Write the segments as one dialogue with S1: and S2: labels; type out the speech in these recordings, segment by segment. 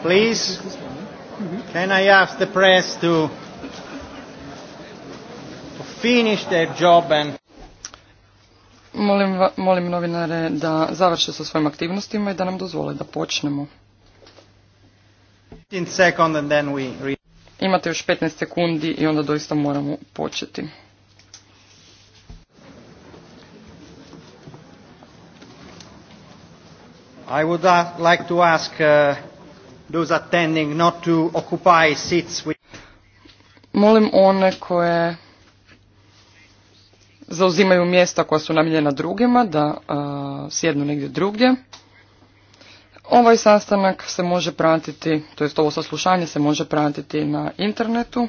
S1: Please, can I ask the press to, to finish their job and... Molim, molim novinare da završe sa svojim aktivnostima i da nam dozvole da počnemo. Imate još 15 sekundi i onda doista moramo početi. I would uh, like to ask uh, those attending not to occupy seats Molim one koje zauzimaju mjesta koja su namijenjena drugima da uh, sjednu negdje drugdje. Ovaj sastanak se može pratiti, to jest ovo saslušanje se može pratiti na internetu.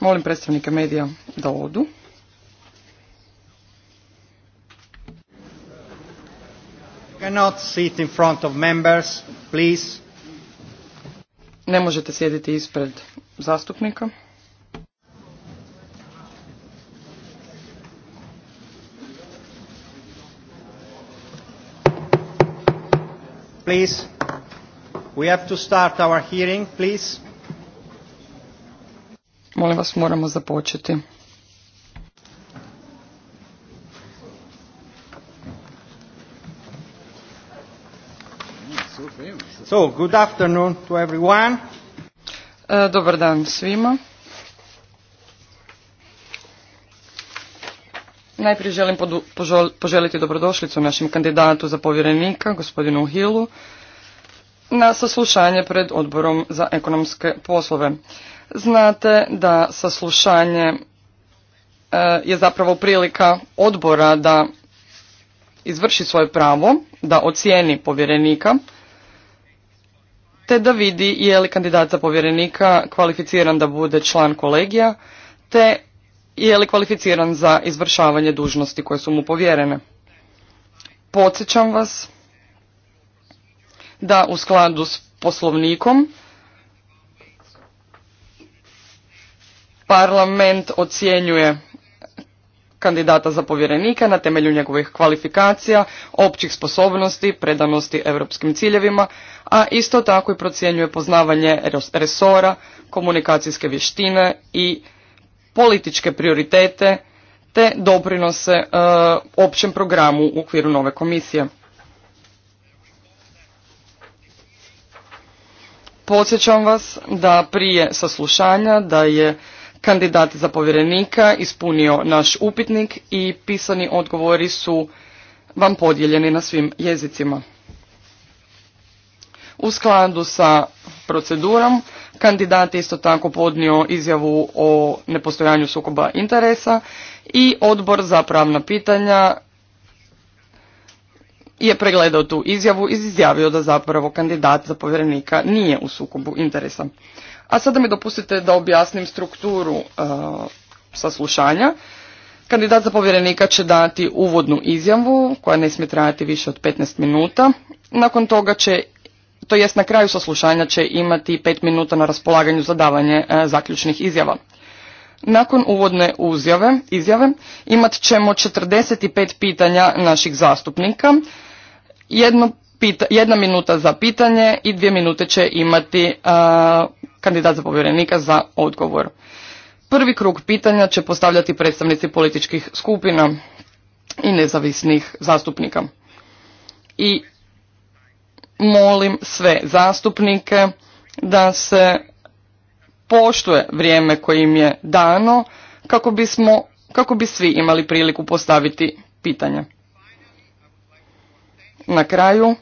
S1: Molim predstavnike medija da odu. cannot sit in front of members, please. Ne možete sjediti ispred zastupnika. Please. We have to start our hearing, please. Molim vas, moramo započeti. So, good afternoon to everyone. E, dobar dan svima. Najprije želim poželiti dobrodošlicu našem kandidatu za povjerenika, gospodinu Hillu, na saslušanje pred odborom za ekonomske poslove. Znate da saslušanje e, je zapravo prilika odbora da izvrši svoje pravo, da ocijeni povjerenika te da vidi je li kandidat za povjerenika kvalificiran da bude član kolegija, te je li kvalificiran za izvršavanje dužnosti koje su mu povjerene. Podsjećam vas da u skladu s poslovnikom parlament ocjenjuje kandidata za povjerenika na temelju njegovih kvalifikacija, općih sposobnosti, predanosti europskim ciljevima, a isto tako i procjenjuje poznavanje resora, komunikacijske vještine i političke prioritete te doprinose e, općem programu u okviru nove komisije. Podsjećam vas da prije saslušanja da je kandidat za povjerenika ispunio naš upitnik i pisani odgovori su vam podijeljeni na svim jezicima. U skladu sa procedurom kandidat je isto tako podnio izjavu o nepostojanju sukoba interesa i odbor za pravna pitanja je pregledao tu izjavu i izjavio da zapravo kandidat za povjerenika nije u sukobu interesa. A sada mi dopustite da objasnim strukturu e, saslušanja. Kandidat za povjerenika će dati uvodnu izjavu koja ne smije trajati više od 15 minuta. Nakon toga će, to jest na kraju saslušanja će imati 5 minuta na raspolaganju za davanje e, zaključnih izjava. Nakon uvodne uzjave, izjave imat ćemo 45 pitanja naših zastupnika. Jedno jedna minuta za pitanje i dvije minute će imati kandidat za povjerenika za odgovor. Prvi krug pitanja će postavljati predstavnici političkih skupina i nezavisnih zastupnika. I molim sve zastupnike da se poštuje vrijeme koje im je dano kako, bismo, kako bi svi imali priliku postaviti pitanja. Na kraju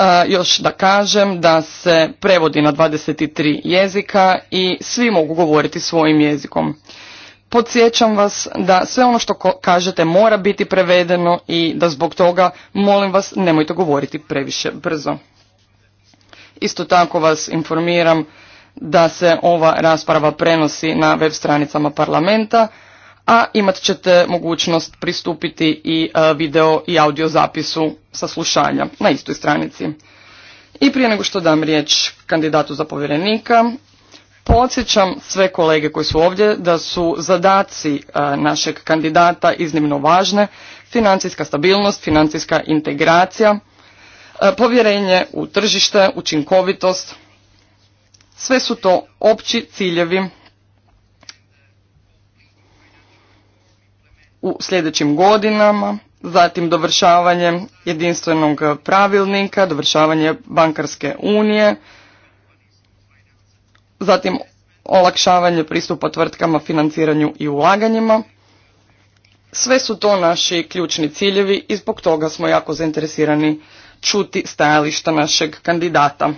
S1: E, još da kažem da se prevodi na 23 jezika i svi mogu govoriti svojim jezikom. Podsjećam vas da sve ono što kažete mora biti prevedeno i da zbog toga molim vas nemojte govoriti previše brzo. Isto tako vas informiram da se ova rasprava prenosi na web stranicama parlamenta a imat ćete mogućnost pristupiti i e, video i audio zapisu saslušanja na istoj stranici. I prije nego što dam riječ kandidatu za povjerenika, podsjećam sve kolege koji su ovdje da su zadaci e, našeg kandidata iznimno važne, financijska stabilnost, financijska integracija, e, povjerenje u tržište, učinkovitost, sve su to opći ciljevi u sljedećim godinama, zatim dovršavanje jedinstvenog pravilnika, dovršavanje bankarske unije, zatim olakšavanje pristupa tvrtkama, financiranju i ulaganjima. Sve su to naši ključni ciljevi i zbog toga smo jako zainteresirani čuti stajališta našeg kandidata.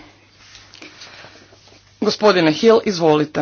S1: Gospodine Hill, izvolite.